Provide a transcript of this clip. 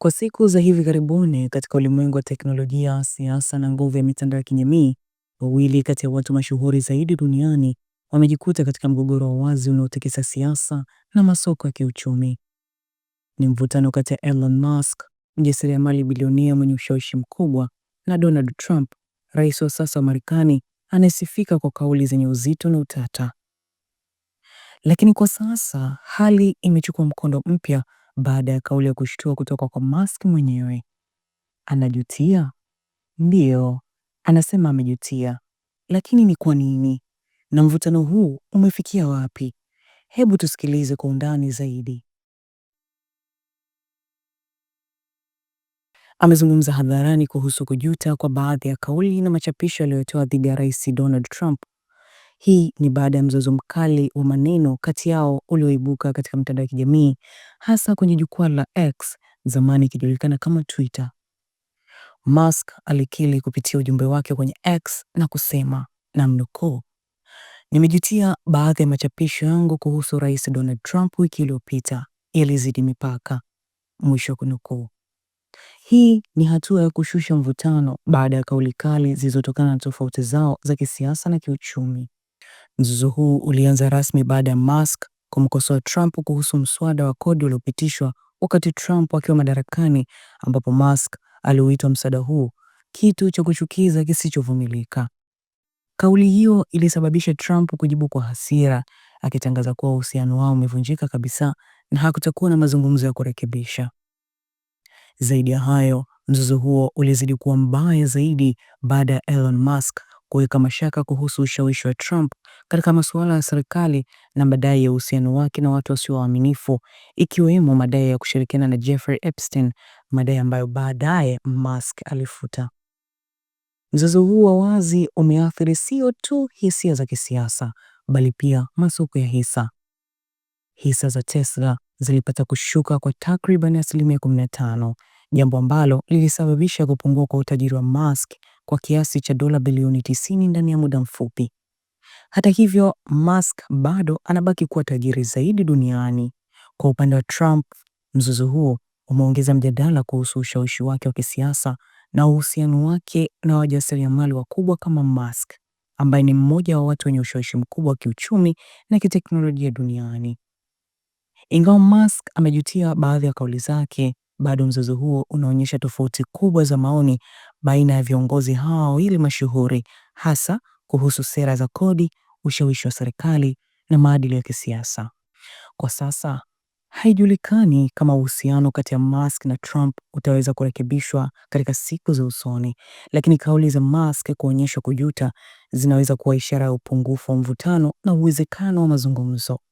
Kwa siku za hivi karibuni katika ulimwengu wa teknolojia, siasa na nguvu ya mitandao ya kijamii, wawili kati ya watu mashuhuri zaidi duniani wamejikuta katika mgogoro wa wazi unaotikisa siasa na masoko ya kiuchumi. Ni mvutano kati ya Elon Musk, mjasiriamali bilionia mwenye ushawishi mkubwa, na Donald Trump, rais wa sasa wa Marekani anayesifika kwa kauli zenye uzito na utata. Lakini kwa sasa hali imechukua mkondo mpya baada ya kauli ya kushtua kutoka kwa Musk mwenyewe. Anajutia? Ndiyo, anasema amejutia, lakini ni kwa nini na mvutano huu umefikia wapi? Hebu tusikilize kwa undani zaidi. Amezungumza hadharani kuhusu kujuta kwa baadhi ya kauli na machapisho aliyotoa dhidi ya Rais Donald Trump hii ni baada ya mzozo mkali wa maneno kati yao ulioibuka katika mtandao wa kijamii hasa kwenye jukwaa la X, zamani ikijulikana kama Twitter. Musk alikiri kupitia ujumbe wake kwenye X na kusema na namnukuu, nimejutia baadhi ya machapisho yangu kuhusu Rais Donald Trump wiki iliyopita yalizidi mipaka, mwisho wa kunukuu. Hii ni hatua ya kushusha mvutano baada ya kauli kali zilizotokana na tofauti zao za kisiasa na kiuchumi. Mzozo huu ulianza rasmi baada ya Musk kumkosoa Trump kuhusu mswada wa kodi uliopitishwa wakati Trump akiwa madarakani, ambapo Musk aliuita mswada huu kitu cha kuchukiza kisichovumilika. Kauli hiyo ilisababisha Trump kujibu kwa hasira, akitangaza kuwa uhusiano wao umevunjika kabisa na hakutakuwa na mazungumzo ya kurekebisha. Zaidi ya hayo, mzozo huo ulizidi kuwa mbaya zaidi baada ya Elon Musk kuweka mashaka kuhusu ushawishi wa Trump katika masuala ya serikali na madai ya uhusiano wake na watu wasio waaminifu, ikiwemo madai ya kushirikiana na Jeffrey Epstein, madai ambayo baadaye Musk alifuta. Mzozo huu wa wazi umeathiri sio tu hisia za kisiasa, bali pia masoko ya hisa. Hisa za Tesla zilipata kushuka kwa takriban asilimia 15, jambo ambalo lilisababisha kupungua kwa utajiri wa Musk kwa kiasi cha dola bilioni 90 ndani ya muda mfupi. Hata hivyo, Musk bado anabaki kuwa tajiri zaidi duniani. Kwa upande wa Trump, mzozo huo umeongeza mjadala kuhusu ushawishi wake wa kisiasa na uhusiano wake na wajasiriamali wakubwa kama Musk, ambaye ni mmoja wa watu wenye ushawishi mkubwa wa kiuchumi na kiteknolojia duniani. Ingawa Musk amejutia baadhi ya kauli zake, bado mzozo huo unaonyesha tofauti kubwa za maoni baina ya viongozi hawa wawili mashuhuri, hasa kuhusu sera za kodi, ushawishi wa serikali na maadili ya kisiasa. Kwa sasa haijulikani kama uhusiano kati ya Musk na Trump utaweza kurekebishwa katika siku za usoni, lakini kauli za Musk kuonyesha kujuta zinaweza kuwa ishara ya upungufu wa mvutano na uwezekano wa mazungumzo.